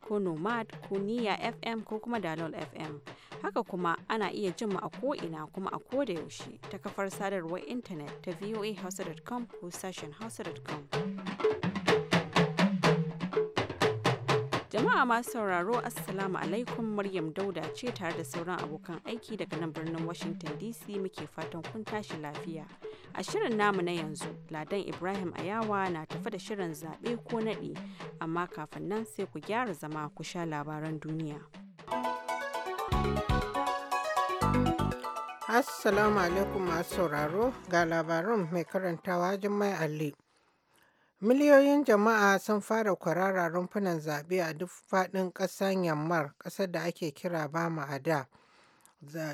ko nomad ko niya fm ko kuma dalol fm haka kuma ana iya jin mu a ko'ina kuma a koda yaushe ta kafar sadarwar intanet ta voa voahausa.com ko sashen hausa.com Jama'a masu sauraro Assalamu alaikum Maryam Dauda ce tare da sauran abokan aiki daga nan birnin Washington DC muke fatan kun tashi lafiya. A shirin namu na yanzu, Ladan Ibrahim Ayawa na tafi da shirin zaɓe ko naɗi, amma kafin nan sai ku gyara zama ku sha labaran duniya. Assalamu alaikum masu sauraro ga labaran mai karantawa jimmai alli. Miliyoyin jama'a sun fara kwarara rumfunan zaɓe a duk faɗin ƙasar Myanmar, ƙasar da ake kira bama a da,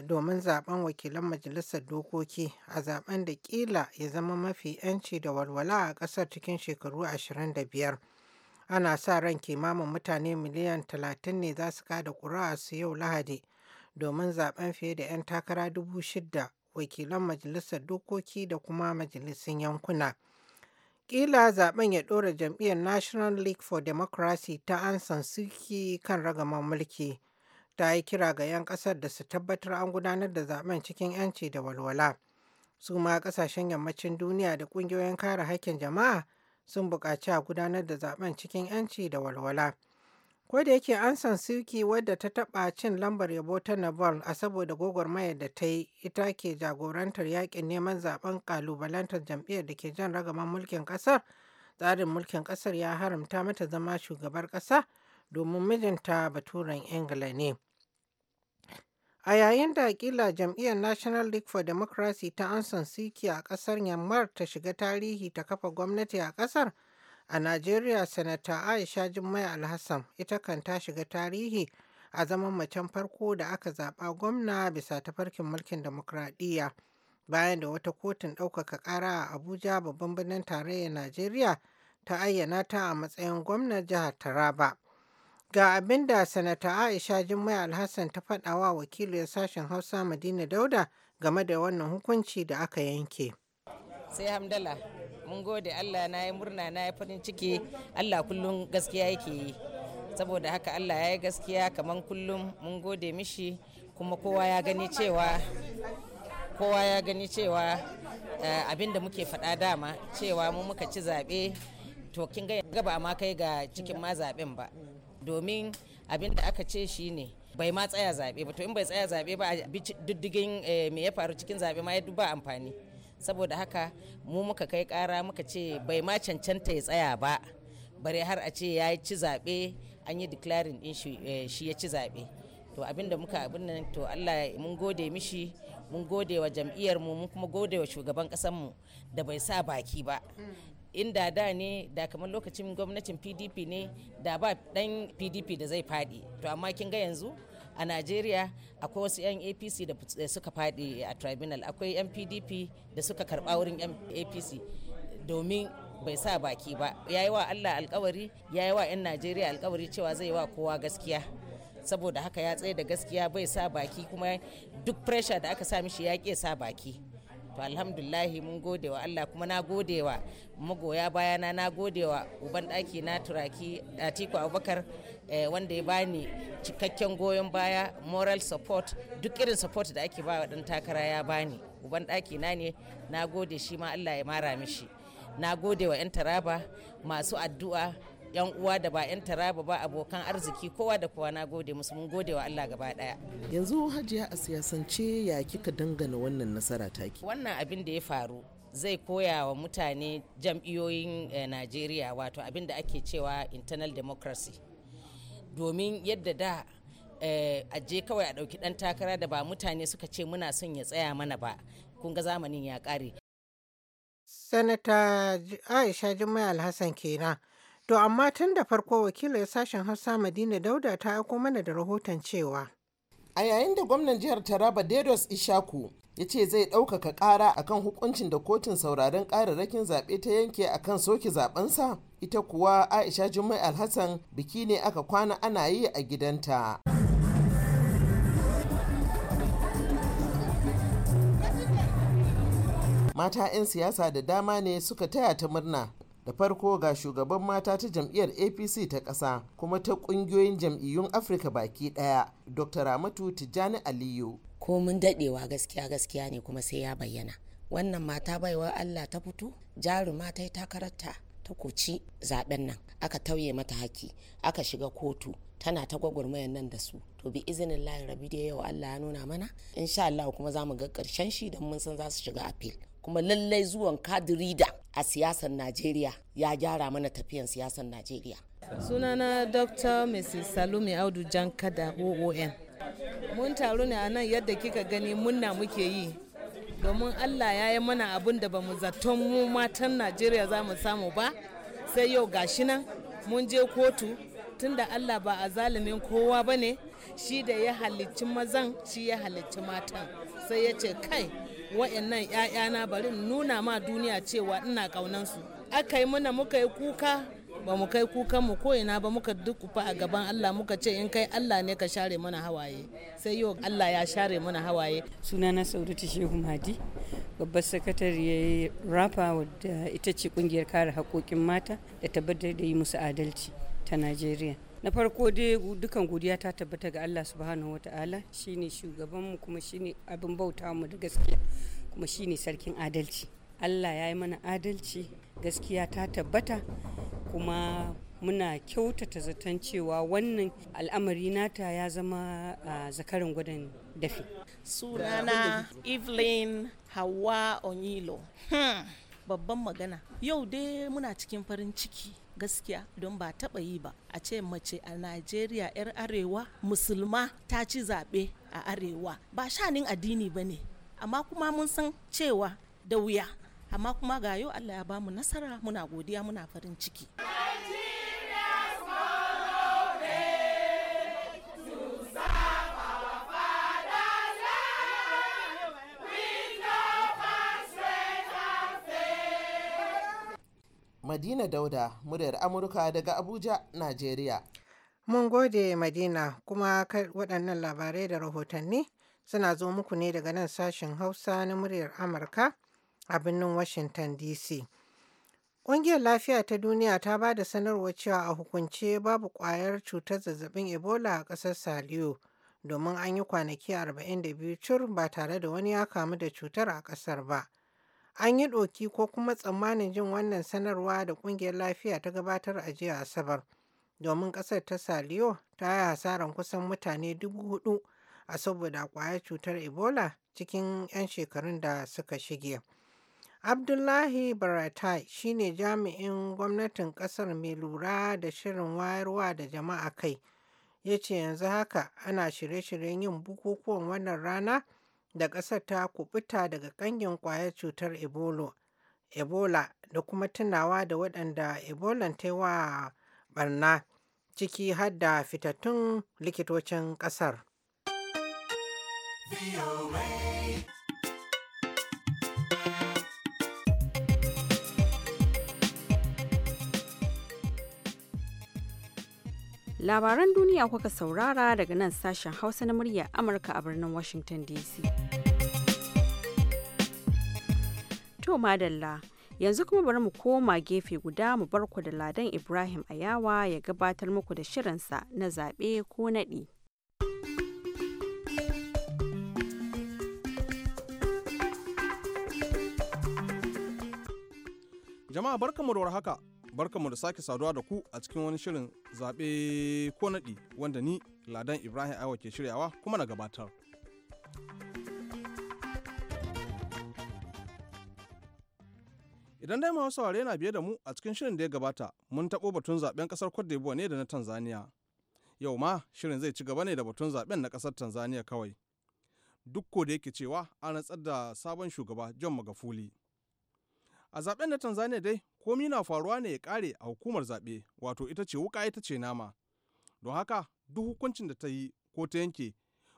domin zaɓen wakilan majalisar dokoki a zaɓen da ƙila ya zama mafi 'yanci da walwala a ƙasar cikin shekaru 25. Ana sa ran kimanin mutane miliyan 30 ne za su kada su yau Lahadi domin zaɓen fiye da 'yan takara 6,000 wakilan majalisar dokoki da kuma majalisun yankuna. Kila zaben ya ɗora jam'iyyar National League for Democracy ta Ansan San suki kan ragaman mulki. Ta yi kira ga 'yan ƙasar da su tabbatar an gudanar da zaben cikin 'yanci da walwala. Su ma ƙasashen yammacin duniya da ƙungiyoyin kare haƙƙin jama'a sun buƙaci a gudanar da zaben cikin 'yanci da walwala. Koda yake an san Suki wadda ta taɓa cin lambar yabo ta Naval a saboda gwagwarmayar da ta yi ita ke jagorantar yakin neman zaben kalubalantar jam'iyyar da ke jan ragaman mulkin ƙasar. Tsarin mulkin ƙasar ya haramta mata zama shugabar ƙasa domin mijinta baturen Ingila ne. A yayin da kila jam'iyyar National League for Democracy ta an san siki a ƙasar Myanmar ta shiga tarihi ta kafa gwamnati a ƙasar, A Najeriya, Sanata Aisha Jummai Alhassan ita kan ta shiga tarihi a zaman macen farko da aka zaɓa gwamna bisa tafarkin mulkin demokradiyya bayan da wata kotun ɗaukaka ƙara a Abuja babban birnin tarayyar Najeriya ta ayyana ta a matsayin gwamnan jihar Taraba. Ga abin da Sanata Aisha Jummai Alhassan ta faɗawa wakilin sashen Hausa Madina Dauda game da wannan hukunci da aka yanke. sai hamdala mun gode allah na yi murna na yi farin ciki allah kullum gaskiya yake yi saboda haka allah ya yi gaskiya kamar kullum mun gode mishi kuma kowa ya gani cewa kowa ya gani cewa eh, abin da muke faɗa dama cewa mu muka ci zaɓe to kin ga gaba ma kai ga cikin ma zaɓen ba domin abin da aka ce shi ne bai ma tsaya zaɓe ba to in bai tsaya zaɓe ba a bi diddigin eh, me ya faru cikin zaɓe ma ya duba amfani saboda haka mu muka kai kara muka ce bai ma cancanta ya tsaya ba bare har a ce ya ci zaɓe an yi declaring din eh, shi ya ci zaɓe to abinda muka abin nan to Allah mun gode mishi mun gode wa jam'iyyar mu mun kuma gode wa shugaban ƙasar mu da bai sa baki ba in da ne da kamar lokacin gwamnatin PDP ne da ba dan PDP da zai faɗi to amma kin ga yanzu a najeriya akwai wasu 'yan apc da suka faɗi a tribunal akwai 'yan pdp da suka karɓa wurin 'yan apc domin bai sa baki ba ya yi wa allah alkawari ya yi wa 'yan najeriya alkawari cewa zai wa kowa gaskiya saboda haka ya tsaye da gaskiya bai sa baki kuma duk pressure da aka sa mishi ya sa baki to alhamdulahi mun gode wa Allah kuma na gode wa magoya bayana na gode wa uban ɗaki na turaki Atiku Abubakar eh, wanda ya bani cikakken goyon baya moral support duk irin support da ake ba wa ɗan takara ya bani uban ɗaki na ne na gode shi ma Allah ya mara mishi na gode wa 'yan taraba masu addu'a yan uwa da ba yan taraba ba abokan arziki kowa da kowa na gode musu mun gode wa Allah gaba daya yanzu hajiya a siyasance ya kika dangana wannan nasara taki wannan abin da ya faru zai koya wa mutane jam'iyoyin eh, Najeriya wato abin da ake cewa internal democracy domin yadda da eh, aje kawai a ɗauki ɗan takara da ba mutane suka ce muna son ya tsaya mana ba kun ga zamanin ya kare. Sanata Aisha Jumai Alhassan kena. To amma tun da farko wakilar sashen Hausa Madina Dauda ta aiko mana da rahoton cewa. A yayin da gwamnan jihar Taraba Dedos Ishaku ya ce zai ɗaukaka ƙara akan hukuncin da kotun sauraron ƙararrakin zaɓe ta yanke akan soke zaɓensa, ita kuwa Aisha Jummai Alhassan biki ne aka kwana ana yi a gidanta. mata 'yan siyasa da dama ne suka taya ta murna da farko ga shugaban mata ta jam'iyyar apc ta ƙasa kuma ta ƙungiyoyin jam'iyyun afirka baki ɗaya dr ramatu tijjani aliyu ko mun daɗewa gaskiya gaskiya ne kuma sai ya bayyana wannan mata baiwa allah ta fito jaruma ta yi takararta ta kuci zaɓen nan aka tauye mata haki aka shiga kotu tana ta gwagwarmayar nan da su to bi izinin layin rabi da yau allah ya nuna mana insha allah kuma za mu ga ƙarshen shi don mun san za su shiga apil kuma lallai zuwan kadrida. a siyasar Najeriya ya gyara mana tafiyan siyasar Najeriya. Sunana Dr. Mrs. Salumi Audu Jankada OON. Mun taru ne a nan yadda kika gani munna muke yi. Domin Allah ya yi mana abin da ba mu zaton mu matan Najeriya za mu samu ba, sai yau gashi nan mun je kotu tunda Allah ba a zalumin kowa ba ne, shi da ya halicci mazan shi ya halicci matan. Sai ya ce kai wa'annan 'ya'yana bari nuna ma duniya cewa ina ƙaunansu aka yi muna muka yi kuka ba mu kai kukan mu ko ina ba muka dukufa a gaban Allah muka ce in kai Allah ne ka share mana hawaye sai yau Allah ya share mana hawaye suna sauri ta Shehu Mahdi babbar sakatariyar rafa wadda ita ce kungiyar kare haƙoƙin mata da tabbatar da yi musu adalci ta nigeria. na farko dai dukan godiya ta tabbata ga Allah subhanahu wataala shine shugabanmu kuma shine abin bauta mu da gaskiya kuma shine sarkin adalci Allah ya yi mana adalci gaskiya ta tabbata kuma muna kyautata zaton cewa wannan al'amari nata ya zama a zakarin gwadon dafi. Sunana Evelyn Hawa Onyilo. Hmm, babban magana. Yau dai muna cikin farin ciki gaskiya don ba taɓa yi ba a ce mace a najeriya 'yar arewa musulma ta ci zaɓe a arewa ba shanin addini ba ne amma kuma mun san cewa da wuya amma kuma ga yau allah ya bamu nasara muna godiya muna farin ciki Madina Dauda, muryar Amurka daga Abuja, Najeriya. Mun gode Madina kuma waɗannan labarai da rahotanni suna zo muku ne daga nan sashen Hausa na muryar Amurka a birnin Washington DC. Ƙungiyar Lafiya ta Duniya ta ba da sanarwa cewa a hukunce babu ƙwayar cutar zazzabin Ebola a ƙasar Saliyo domin an yi kwanaki 42 cur ba tare da wani ya kamu da cutar a ƙasar ba. An yi ɗoki ko kuma tsammanin jin wannan sanarwa da ƙungiyar lafiya ta gabatar a jiya Asabar, domin ƙasar ta Saliyo ta yi hasarar kusan mutane dubu hudu a saboda kwayar cutar Ebola cikin 'yan shekarun da suka shige. Abdullahi Baratai shine jami'in gwamnatin ƙasar mai lura da shirin wayarwa da jama'a kai. Ya ce yanzu haka ana shirye-shiryen yin bukukuwan wannan rana da ƙasar ta kubuta daga ƙangin ƙwayar cutar Ebola da kuma tunawa da waɗanda Ebola ta wa barna ciki har da fitattun likitocin ƙasar. Labaran duniya kuka saurara daga nan sashen Hausa na murya Amurka a birnin Washington DC. To madalla, yanzu kuma bari mu koma gefe guda mu barku da Ladan Ibrahim Ayawa ya gabatar muku da shirinsa na zaɓe ko naɗi. Jama'a barkamu da warhaka. barkanmu da sake saduwa da ku a cikin wani shirin zaɓe ko naɗi wanda ni Ladan Ibrahim Aiwa ke shiryawa kuma na gabatar. Idan dai ma wasu yana biye da mu a cikin shirin da ya gabata mun taɓo batun zaɓen ƙasar Cote d'Ivoire ne da na Tanzania. Yau ma shirin zai ci gaba ne da batun zaɓen na ƙasar Tanzania kawai. Duk ko da yake cewa an rantsar da sabon shugaba John Magafuli. A zaɓen na Tanzania dai komi na faruwa ne ya kare a hukumar zaɓe wato ita ce wuka ita ce nama don haka duk hukuncin da ta yi ko ta yanke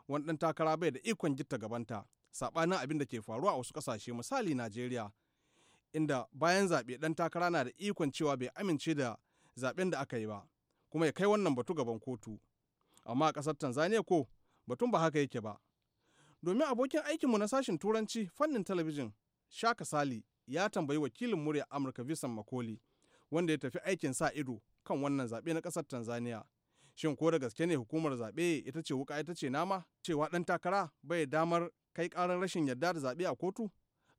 wani ɗan takara bai da ikon gitta gabanta saɓanin abin da ke faruwa a wasu ƙasashe misali najeriya inda bayan zaɓe ɗan takara na da ikon cewa bai amince da zaɓen da aka yi ba kuma ya kai wannan batu gaban kotu amma a ƙasar tanzania ko batun ba haka yake ba domin abokin aikinmu na sashen turanci fannin talabijin shaka sali ya tambayi wakilin murya amurka visan makoli wanda ya tafi aikin sa ido kan wannan zaɓe na ƙasar tanzania shin ko da gaske ne hukumar zaɓe ita ce wuka ita ce nama cewa ɗan takara bai damar kai ƙarar rashin yarda da zaɓe a kotu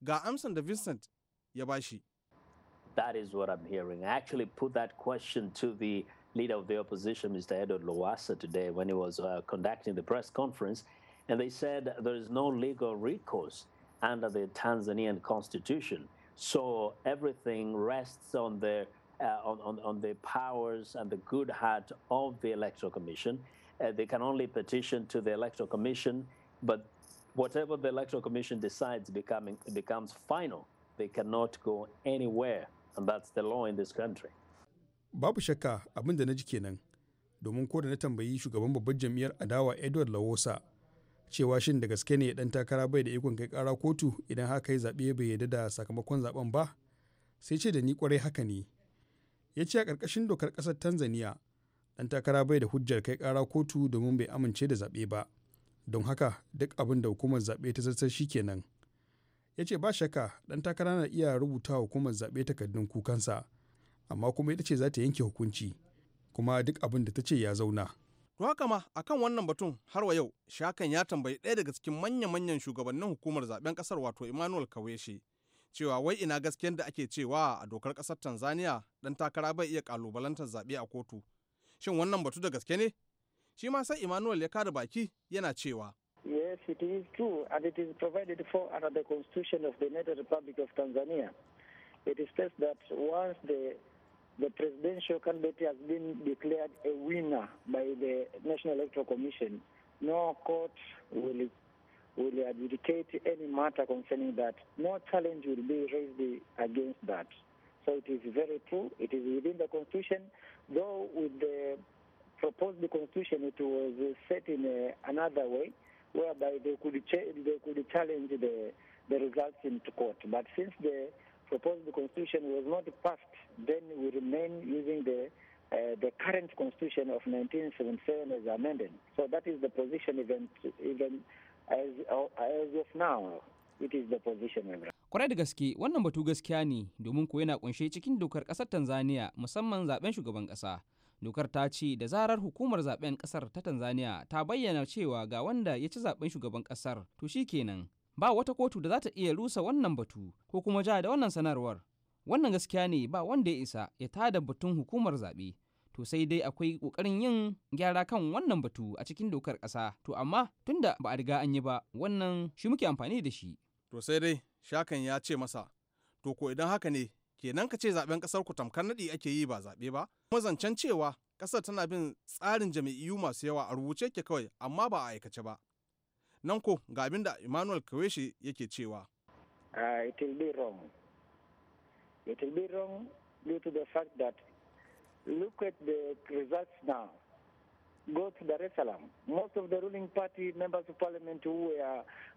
ga amsan da vincent ya That is what I'm hearing. I actually put that question to the leader of the opposition, Mr. Edward Lowassa, today when he was uh, conducting the press conference. And they said there is no legal recourse under the Tanzanian constitution. So everything rests on the uh, on, on, on, the powers and the good heart of the Electoral Commission. Uh, they can only petition to the Electoral Commission, but whatever the Electoral Commission decides becoming, becomes final. They cannot go anywhere, and that's the law in this country. Babu shakka abin da na ji kenan, domin ko da na tambayi shugaban babbar jam'iyyar adawa Edward Lawosa cewa shin da gaske ne dan takara bai da ikon kai kara kotu idan haka ya zaɓe bai yarda da sakamakon zaben ba sai ce da ni kwarai haka ne ya ce a ƙarƙashin dokar ƙasar tanzania dan takara bai da hujjar kai kara kotu domin bai amince da zaɓe ba don haka duk abin da hukumar zaɓe ta zartar shi kenan ya ce ba shakka dan takara na iya rubuta hukumar zaɓe takardun kukansa amma kuma ita ce za ta yanke hukunci kuma duk abin da ta ce ya zauna Don haka ma a kan wannan batun har wa yau Shakan ya tambayi ɗaya daga cikin manya-manyan shugabannin hukumar zaben ƙasar wato Emmanuel Kaweshi cewa wai ina gaskiyar da ake cewa a dokar ƙasar Tanzania ɗan takara bai iya ƙalubalantar zaɓe a kotu. Shin wannan batu da gaske ne? Shi ma sai Emmanuel ya kada baki yana cewa. Yes, it is true and it is provided for under the constitution of the United Republic of Tanzania. It is that once the the presidential candidate has been declared a winner by the National Electoral Commission, no court will will adjudicate any matter concerning that. No challenge will be raised against that. So it is very true. It is within the constitution, though with the proposed constitution, it was set in a, uh, another way, whereby they could they could challenge the the results in court. But since the suppose the constitution was not passed, then we remain using the uh, the current constitution of 1977 as amended. So that is the position even even as uh, as of now. It is the position. Kwarai da gaske wannan batu gaskiya ne domin ko yana kunshe cikin dokar kasar Tanzania musamman zaben shugaban kasa. Dokar ta ce da zarar hukumar zaben kasar ta Tanzania ta bayyana cewa ga wanda ya ci zaben shugaban kasar to shi kenan. ba wata kotu da za ta iya rusa wannan batu ko kuma ja da wannan sanarwar wannan gaskiya ne ba wanda ya isa ya tada batun hukumar zaɓe to sai dai akwai ƙoƙarin yin gyara kan wannan batu a cikin dokar ƙasa to amma tunda ba a riga an yi ba wannan shi muke amfani da shi to sai dai shakan ya ce masa to ko idan haka ne kenan ka ce zaɓen ƙasar ku tamkar naɗi ake yi ba zaɓe ba kuma zancen cewa ƙasar tana bin tsarin jami'u masu yawa a rubuce ke kawai amma ba a aikace ba nan ko ga abin da emmanuel kaweshi yake cewa uh, it will be wrong it will be wrong due to the fact that look at the results now go to Dar es Salaam. Most of the ruling party members of parliament who were,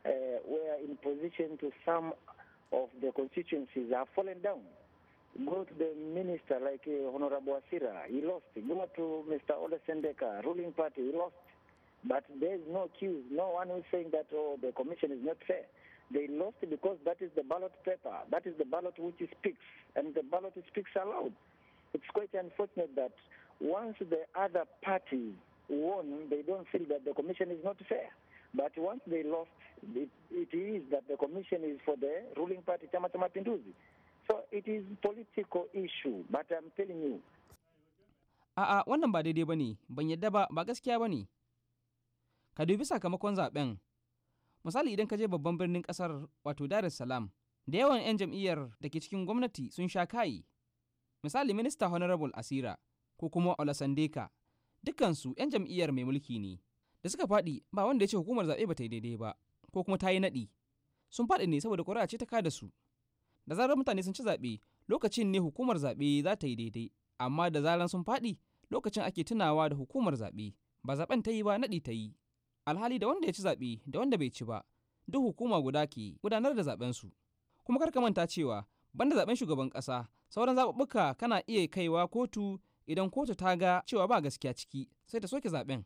uh, were in position to some of the constituencies have fallen down. Go to the minister like uh, Honorable Asira, he lost. Go to Mr. Odesendeka, ruling party, he lost. But there's no accuse, no one is saying that, oh, the commission is not fair. They lost because that is the ballot paper, that is the ballot which speaks, and the ballot speaks aloud. It's quite unfortunate that once the other party won, they don't feel that the commission is not fair. But once they lost, it, it is that the commission is for the ruling party, Chama Mapinduzi. So it is political issue, but I'm telling you. A'a, wannan ba daidai ba ban yadda ba, ba gaskiya ka dubi sakamakon zaben misali idan ka je babban birnin kasar wato dar es salaam da yawan 'yan jam'iyyar da ke cikin gwamnati sun sha kayi misali minista honorable asira ko kuma olasandeka dukansu 'yan jam'iyyar mai mulki ne da suka faɗi ba wanda ya ce hukumar zaɓe ba ta yi daidai ba ko kuma ta yi naɗi sun faɗi ne saboda ƙuri'a ce ta da su da zarar mutane sun ci zaɓe lokacin ne hukumar zaɓe za ta yi daidai amma da zarar sun faɗi lokacin ake tunawa da hukumar zaɓe ba zaɓen ta yi ba naɗi ta yi alhali da wanda ya ci zaɓe da wanda bai ci ba duk hukuma guda ke gudanar da zaɓen su kuma kar ka manta cewa banda zaɓen shugaban ƙasa sauran zaɓuɓɓuka kana iya kaiwa kotu idan kotu ta ga cewa ba gaskiya ciki sai ta soke zaɓen.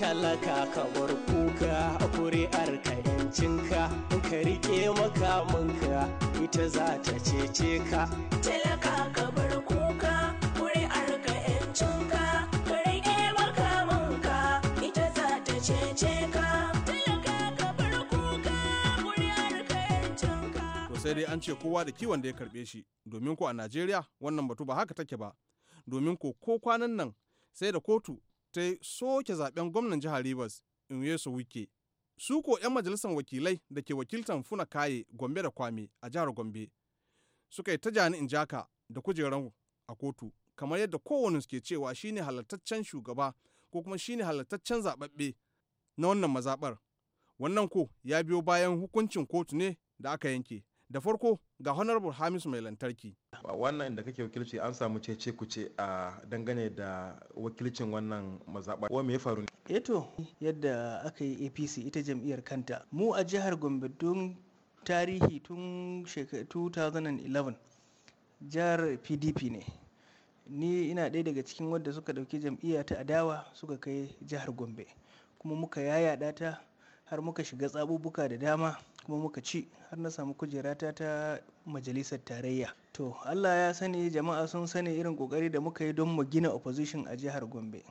talaka ka bar kuka a kuri'ar ka in ka rike makamanka ita za ta cece ka talaka ka sai dai an ce kowa da kiwon da ya karbe shi domin ko a najeriya wannan batu ba haka take ba domin ko ko kwanan nan sai da kotu ta soke zaben gwamnan jihar rivers in yesu wike su ko 'yan majalisar wakilai da ke wakiltan funa kaye gombe da kwame a jihar gombe suka yi ta jani in jaka da kujeran a kotu kamar yadda kowane suke cewa shine halartaccen shugaba ko kuma shine halartaccen zababbe na wannan mazabar wannan ko ya biyo bayan hukuncin kotu ne da aka yanke da farko ga honorable hamis mai lantarki wannan inda kake wakilci an samu cece kuce a dangane da wakilcin wannan mazaɓa wa me faru ne eto eh yadda aka yi apc ita jam'iyyar kanta mu a jihar gombe don tarihi tun 2011 jihar pdp ne ni ina ɗaya daga cikin wadda suka ɗauki jam'iyya ta adawa suka kai jihar gombe kuma muka yaya ta har muka shiga tsabubuka da dama kuma muka ci har na samu kujerata ta majalisar tarayya to allah ya sani jama'a sun sani irin kokari da muka yi don mu gina opposition a jihar gombe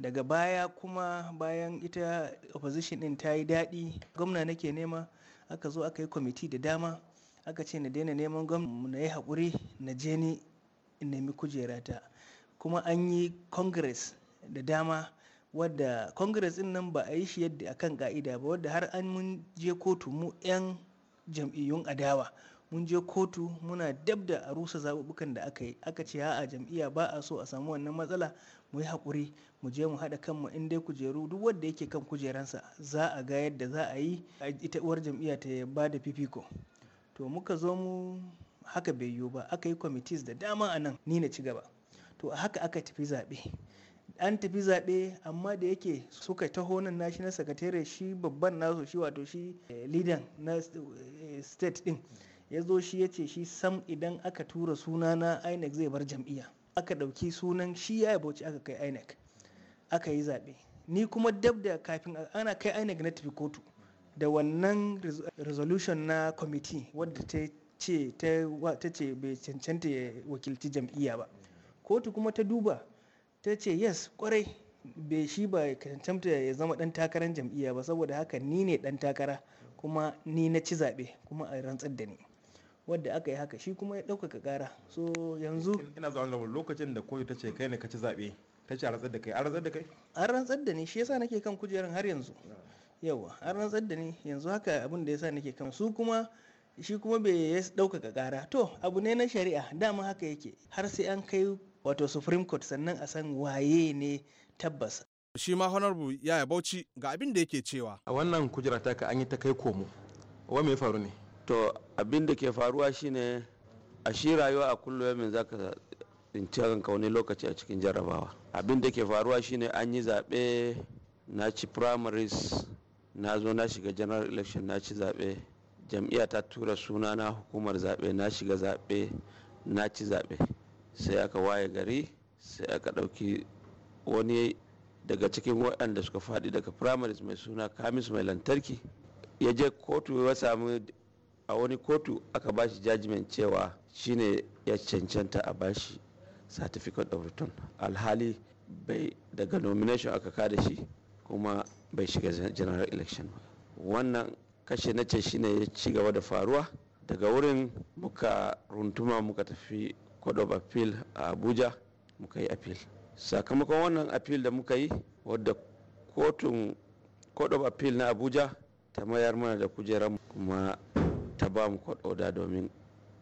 daga baya kuma bayan ita opposition din ta yi daɗi gwamna nake nema aka zo aka yi kwamiti da dama aka ce na daina neman gwamna na yi haƙuri na je ni in nemi kujerata kuma an yi congress da dama wadda congress din nan ba a yi shi yadda akan ka'ida ba wadda har an mun je kotu mu 'yan jam'iyyun adawa mun je kotu muna dab da a rusa zaɓuɓɓukan da aka yi aka ce a jam'iyya ba a so a samu wannan matsala mu yi haƙuri mu je mu haɗa kanmu in dai kujeru duk wanda yake kan kujeransa za a ga yadda za a yi a ita uwar jam'iyya ta ba da fifiko to muka zo mu haka bai yiwu ba aka yi committees da dama a nan ni na ci gaba to a haka aka tafi zaɓe an tafi zaɓe amma da yake suka taho nan national secretary shi babban nasu shi wato shi eh, leader na eh, state din ya zo shi ya ce shi sam idan aka tura suna na inec zai bar jam'iyya aka ɗauki sunan shi ya yi bauchi aka kai inec aka yi zaɓe ni kuma dab da kafin ana kai inec na tafi kotu da wannan resolution na committee wadda ta ce bai cancanta ya wakilci jam'iyya ba kotu kuma ta duba ta ce yes kwarai bai shi ba cancanta ya zama dan takarar jam'iyya ba saboda haka ni ne dan takara kuma ni na ci zaɓe kuma a rantsar da ni wadda aka yi haka shi kuma ya ɗaukaka ƙara so yanzu ina zuwa lokacin da koyo ta ce kai ne ka ci zaɓe ta ce a rantsar da kai an rantsar da kai an rantsar da ni shi yasa nake kan kujerar har yanzu yawa an rantsar da ni yanzu haka abin da yasa nake kan su kuma shi kuma bai ɗaukaka ƙara to abu ne na shari'a dama haka yake har sai an kai wato supreme court sannan a san waye ne tabbas shi ma honorable yaya bauchi ga abin da yake cewa a wannan kujera ta ka an yi ta kai komo wa me faru ne to abin da ke faruwa shine a shi rayuwa a kullum zaka tsinci kanka wani lokaci a cikin jarrabawa abin da ke faruwa shine an yi zaɓe na ci primaries na zo na shiga general election na ci zaɓe jam'iyya ta tura suna na hukumar zaɓe na shiga zaɓe na ci zaɓe sai aka waye gari sai aka ɗauki wani daga cikin waɗanda suka faɗi daga primaries mai suna kamis mai lantarki ya je kotu ya samu a wani kotu aka bashi judgment cewa shine ya cancanta a bashi certificate of return alhali bai daga nomination aka kada shi kuma bai shiga general election ba wannan kashe na ce shine ya ci gaba da faruwa daga wurin muka runtuma muka tafi court of appeal a abuja muka yi appeal sakamakon wannan appeal da muka yi wadda kotun court of appeal na abuja ta mayar mana da kujerar kuma ta ba mu court domin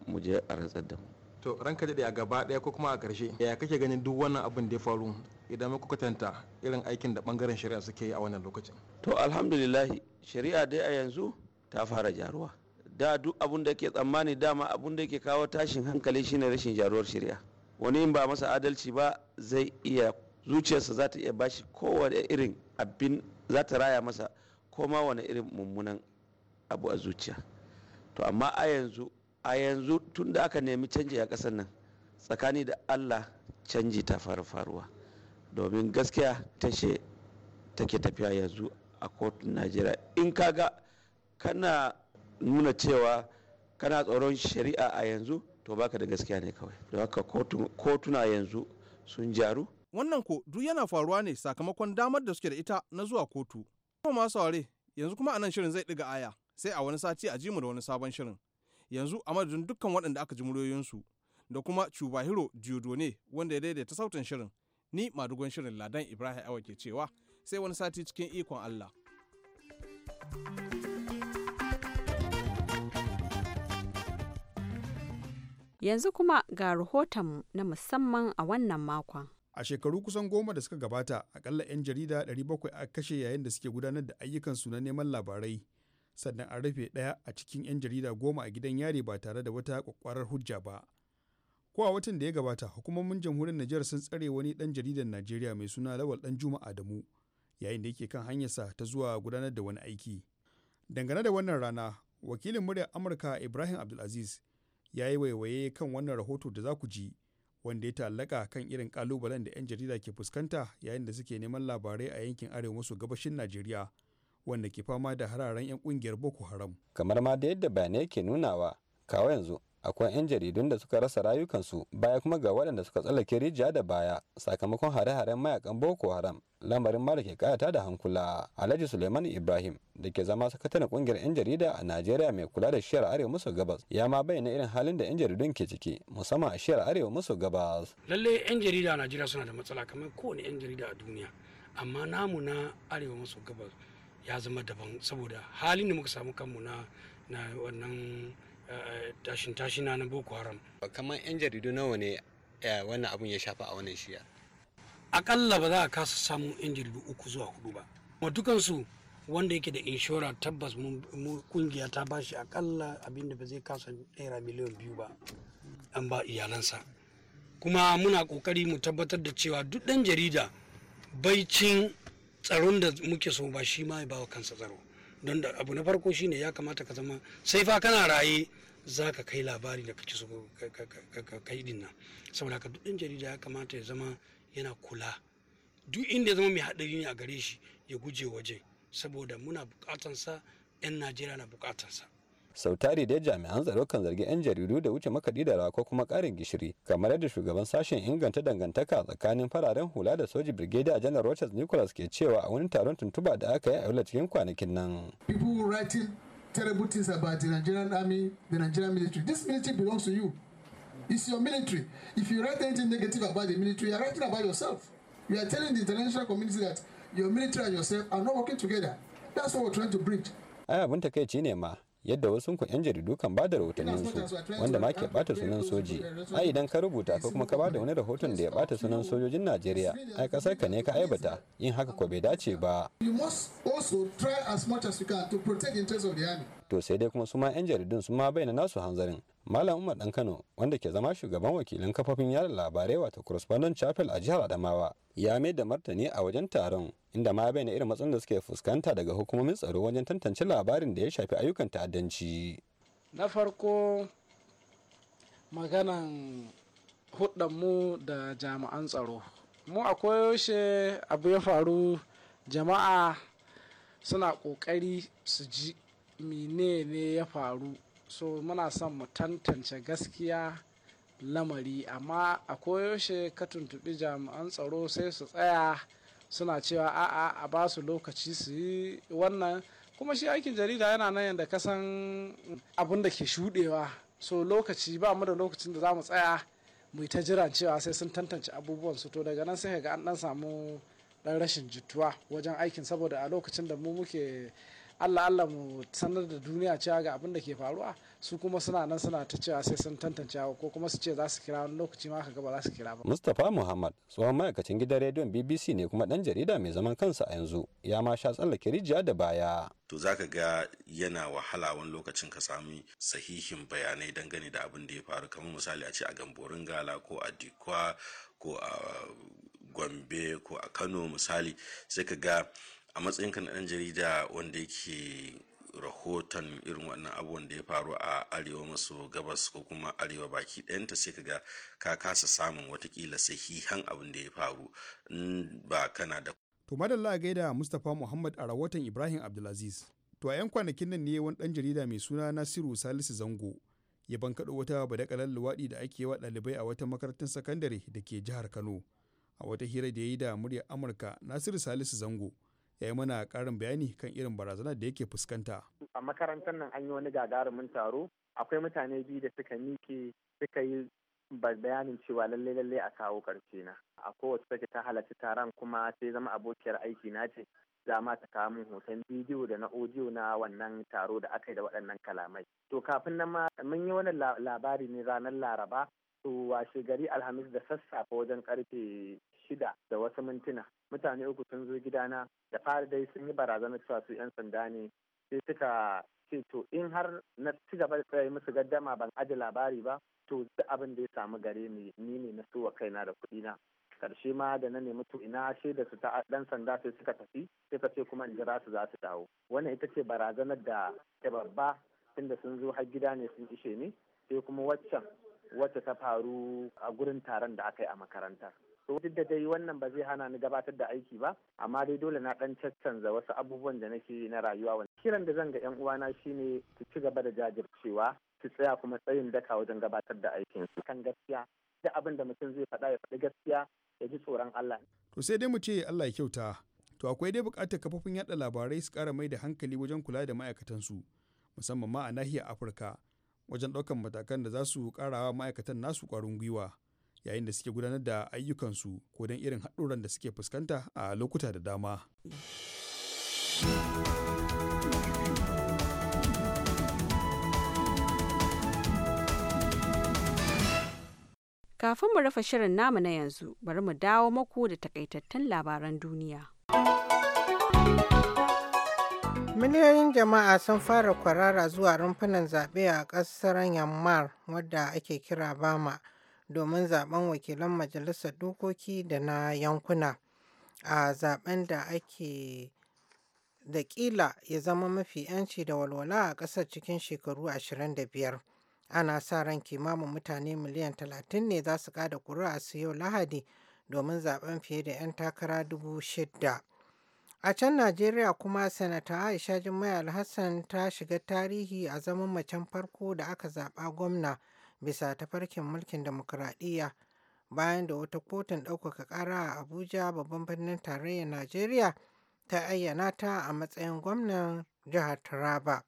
mu je a rantsar da mu to ranka daɗe a gaba ɗaya ko kuma a ƙarshe yaya kake ganin duk wannan abin da ya faru idan muka kwatanta irin aikin da bangaren shari'a suke yi a wannan lokacin to alhamdulillah shari'a dai a yanzu ta fara jaruwa da duk abun da ke tsammani dama abun da ke kawo tashin hankali shine rashin jaruwar shari'a wani ba masa adalci ba zai iya zuciyarsa za ta iya bashi kowane irin abin za ta raya masa ko ma wani irin mummunan abu a zuciya to amma a yanzu a yanzu tun da aka nemi canji a ƙasar nan tsakani da allah canji ta faru faruwa domin gaskiya tashe take tafiya yanzu a kotun najeriya in kaga kana nuna cewa kana tsoron shari'a a yanzu to baka da gaskiya ne kawai don haka kotuna yanzu sun jaru wannan ko duk yana faruwa ne sakamakon damar da suke da ita na zuwa kotu kuma masu saware yanzu kuma anan shirin zai ɗiga aya sai a wani sati a ji mu da wani sabon shirin yanzu a madadin dukkan waɗanda aka ji muryoyinsu da kuma cubahiro Diodone wanda ya daidaita sautin shirin. Ni madugon shirin Ladan Ibrahim Awa ke cewa sai wani sati cikin ikon Allah. Yanzu kuma ga rahoton na musamman a wannan makon. A shekaru kusan goma da suka gabata, akalla 'yan jarida 700 a kashe yayin da suke gudanar da ayyukansu na neman labarai, sannan an rufe ɗaya a cikin 'yan jarida goma a gidan yari ba tare da wata kwakwarar hujja ba. Ko a watan da ya gabata, hukumomin jamhuriyar Najeriya sun tsare wani ɗan jaridar Najeriya mai suna Lawal Ɗan Juma Adamu, yayin da yake kan hanyarsa ta zuwa gudanar da wani aiki. Dangane da wannan rana, wakilin muryar Amurka Ibrahim Abdulaziz ya yi waiwaye kan wannan rahoto da za ku ji wanda ya ta'allaka kan irin kalubalen da 'yan jarida ke fuskanta yayin da suke neman labarai a yankin arewa maso gabashin najeriya wanda ke fama da hararen 'yan kungiyar boko haram kamar ma da yadda bayanai ke nunawa kawo yanzu akwai 'yan jaridun da suka rasa rayukansu baya kuma ga waɗanda suka tsallake rijiya da baya sakamakon hare-haren mayakan boko haram lamarin mara ke kayata da hankula alhaji suleiman ibrahim da ke zama sakataren kungiyar 'yan jarida a najeriya mai kula da shiyar arewa maso gabas ya ma bayyana irin halin da 'yan jaridun ke ciki musamman a shiyar arewa maso gabas lalle 'yan jarida a najeriya suna da matsala kamar kowane 'yan jarida a duniya amma namu na arewa maso gabas ya zama daban saboda halin da muka samu kanmu na na wannan tashin tashina na boko haram kamar yan jaridu nawa ne eh, wannan abun ya shafa a wannan shiya akalla ba za a kasa samun yan jaridu uku zuwa hudu ba Matukansu dukansu wanda yake da inshora tabbas mu kungiya ta bashi akalla abin da ba zai kasa naira miliyan biyu ba an ba iyalansa kuma muna kokari mu tabbatar da cewa duk dan jarida baicin tsaron da muke so ba shi ma ya ba kansa tsaro don da abu na farko shine ya kamata ka zama sai fa kana raye za ka kai labari da kake so ka kai din nan saboda ka duɗin jarida ya kamata ya zama yana kula duk inda ya zama mai haɗari ne a gare shi ya guje waje saboda muna bukatansa 'yan najeriya na bukatansa sau tari dai jami'an tsaro kan zargi 'yan jaridu da wuce makaɗi da rawa ko kuma ƙarin gishiri kamar yadda shugaban sashen inganta dangantaka tsakanin fararen hula da soji a janar rochas nicholas ke cewa a wani taron tuntuba da aka yi a yau cikin kwanakin nan terrible things about the Nigerian army, the Nigerian military. This military belongs to you. It's your military. If you write anything negative about the military, you are writing about yourself. You are telling the international community that your military and yourself are not working together. That's what we're trying to bridge. Ai abin takaici ne ma yadda wasu kun yan jaridu kan ba da rahotannin su wanda ma ke bata sunan soji a idan ka rubuta ko kuma ka ba da wani rahoton da ya bata sunan sojojin najeriya ai kasar ka ne ka aibata yin haka ko bai dace ba to sai dai kuma su ma yan jaridun su ma bayyana nasu hanzarin Malam Umar Dan Kano wanda ke zama shugaban wakilin kafofin yada labarai wato correspondent chapel a jihar Adamawa ya mai da martani a wajen taron inda ma bayyana irin matsalolin da suke fuskanta daga hukumomin tsaro wajen tantance labarin da ya shafi ayyukan ta'addanci. Na farko maganan mu da jami'an tsaro. Mu a koyaushe abu ya faru jama'a suna ƙoƙari su ji menene ya faru so muna son mu tantance gaskiya lamari amma a koyaushe ka tuntuɓi jami'an tsaro sai su tsaya suna cewa a'a a ba su lokaci su yi wannan kuma shi aikin jarida yana nan yadda ka san abin da ke shuɗewa so lokaci ba mu da lokacin da za mu tsaya mu yi ta jiran cewa sai sun tantance abubuwan su to daga nan sai ga an dan samu dan rashin jituwa wajen aikin saboda a lokacin da mu muke allah allah mu sanar da duniya cewa ga abin da ke faruwa su kuma suna nan suna ta cewa sai sun tantance ko kuma su ce za su kira wani lokaci ma ka ba za su kira ba mustapha muhammad tsohon ma'aikacin gidan rediyon bbc ne kuma dan jarida mai zaman kansa a yanzu ya ma sha tsallake rijiya da baya to zaka ga yana wahala wani lokacin ka sami sahihin bayanai dangane da abin da ya faru kamar misali a ce a gamborin gala ko a dikwa ko a gombe ko a kano misali sai ka ga a matsayinka na ɗan jarida wanda yake rahoton irin wannan abubuwan da ya faru a arewa maso gabas ko kuma arewa baki ɗayanta sai kaga ka kasa samun watakila sahihan abin da ya faru ba kana da to madalla a gaida mustapha muhammad a rahoton ibrahim abdulaziz to a yan kwanakin nan ne wani ɗan jarida mai suna nasiru salisu zango ya bankaɗo wata badakalar luwaɗi da ake wa ɗalibai a wata makarantar sakandare da ke jihar kano a wata hira da ya yi da muryar amurka nasiru salisu zango ya yi mana ƙarin bayani kan irin barazanar da yake fuskanta. A makarantar nan an yi wani gagarumin taro akwai mutane biyu da suka miƙe suka yi bayanin cewa lalle lalle a kawo karshe na. A kowace take ta halarci taron kuma sai zama abokiyar aiki na ce za ma ta kawo min hoton bidiyo da na audio na wannan taro da aka yi da waɗannan kalamai. To kafin nan ma mun yi wani labari ne ranar Laraba to washe gari alhamis da sassafe wajen karfe shida da wasu mintuna mutane uku sun zo gidana da fara dai sun yi barazanar cewa su 'yan sanda ne sai suka ce to in har na ci gaba da tsaye musu gaddama ban aji labari ba to duk abin da ya samu gare ni ni ne na wa kaina da kuɗi na karshe ma da na nemi to ina da su ta dan sanda sai suka tafi sai ka ce kuma in jira su za su dawo wannan ita ce barazanar da ta babba tunda sun zo har gida ne sun ishe ni sai kuma waccan wacce ta faru a gurin taron da aka yi a makarantar so duk da dai wannan ba zai hana ni gabatar da aiki ba amma dai dole na dan caccanza wasu abubuwan da nake na rayuwa kiran da zan ga yan uwana shine su ci gaba da jajircewa su tsaya kuma tsayin daka wajen gabatar da aikin su kan gaskiya da abin da mutum zai faɗa ya faɗi gaskiya ya ji tsoron Allah to sai dai mu ce Allah ya kyauta to akwai dai buƙatar kafofin yaɗa labarai su ƙara mai da hankali wajen kula da ma'aikatan su musamman ma a nahiyar Afirka wajen ɗaukan matakan da za su ƙarawa ma'aikatan nasu ƙwarin gwiwa yayin da suke gudanar da ayyukansu ko don irin haɗuran da suke fuskanta a lokuta da dama. Kafin mu rufe shirin namu na yanzu, bari mu dawo maku da takaitattun labaran duniya. Miliyoyin jama'a sun fara kwarara zuwa rumfunan zaɓe a ƙasar yammar wadda ake kira Bama. domin zaben wakilan majalisar dokoki da na yankuna a zaben da ake da kila ya zama mafi yanci da walwala a ƙasar cikin shekaru 25 ana sa ran kimanin mutane miliyan 30 ne za su kada kuri'a su yau lahadi domin zaben fiye da 'yan takara 6,000 a can najeriya kuma sanata aisha jimai alhassan ta shiga tarihi a zaman macen farko da aka zaɓa gwamna bisa tafarkin mulkin demokuraɗiyya bayan da wata kotun ɗaukaka ƙara a abuja babban birnin tarayyar najeriya ta ayyana ta a matsayin gwamnan jihar taraba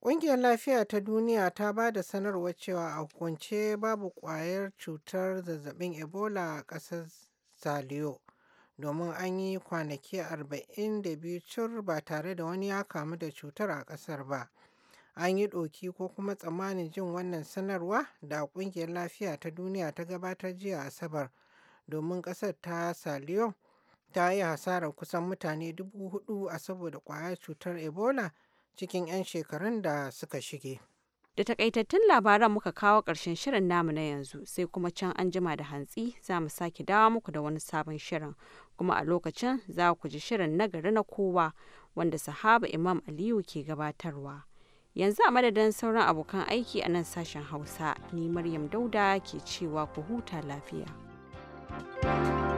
ƙungiyar lafiya ta duniya ta ba da sanarwar cewa a hukunce babu kwayar cutar zazzabin ebola a ƙasar saliyo domin an yi kwanaki 42 cur ba tare da wani ya kamu da cutar a ƙasar ba. An yi ɗoki ko kuma tsammanin jin wannan sanarwa da ƙungiyar lafiya ta duniya ta gabatar jiya Asabar domin ƙasar ta Saliyon ta yi hasarar kusan mutane dubu hudu a saboda ƙwayar cutar Ebola cikin 'yan shekarun da suka shige. Da takaitattun labaran muka kawo ƙarshen shirin namu na yanzu sai kuma can an jima da hantsi za mu sake dawo muku da wani sabon shirin kuma a lokacin za ku ji shirin nagari na kowa wanda sahaba Imam Aliyu ke gabatarwa. yanzu a madadin sauran abokan aiki a nan sashen hausa ni maryam dauda ke cewa ku huta lafiya. thank you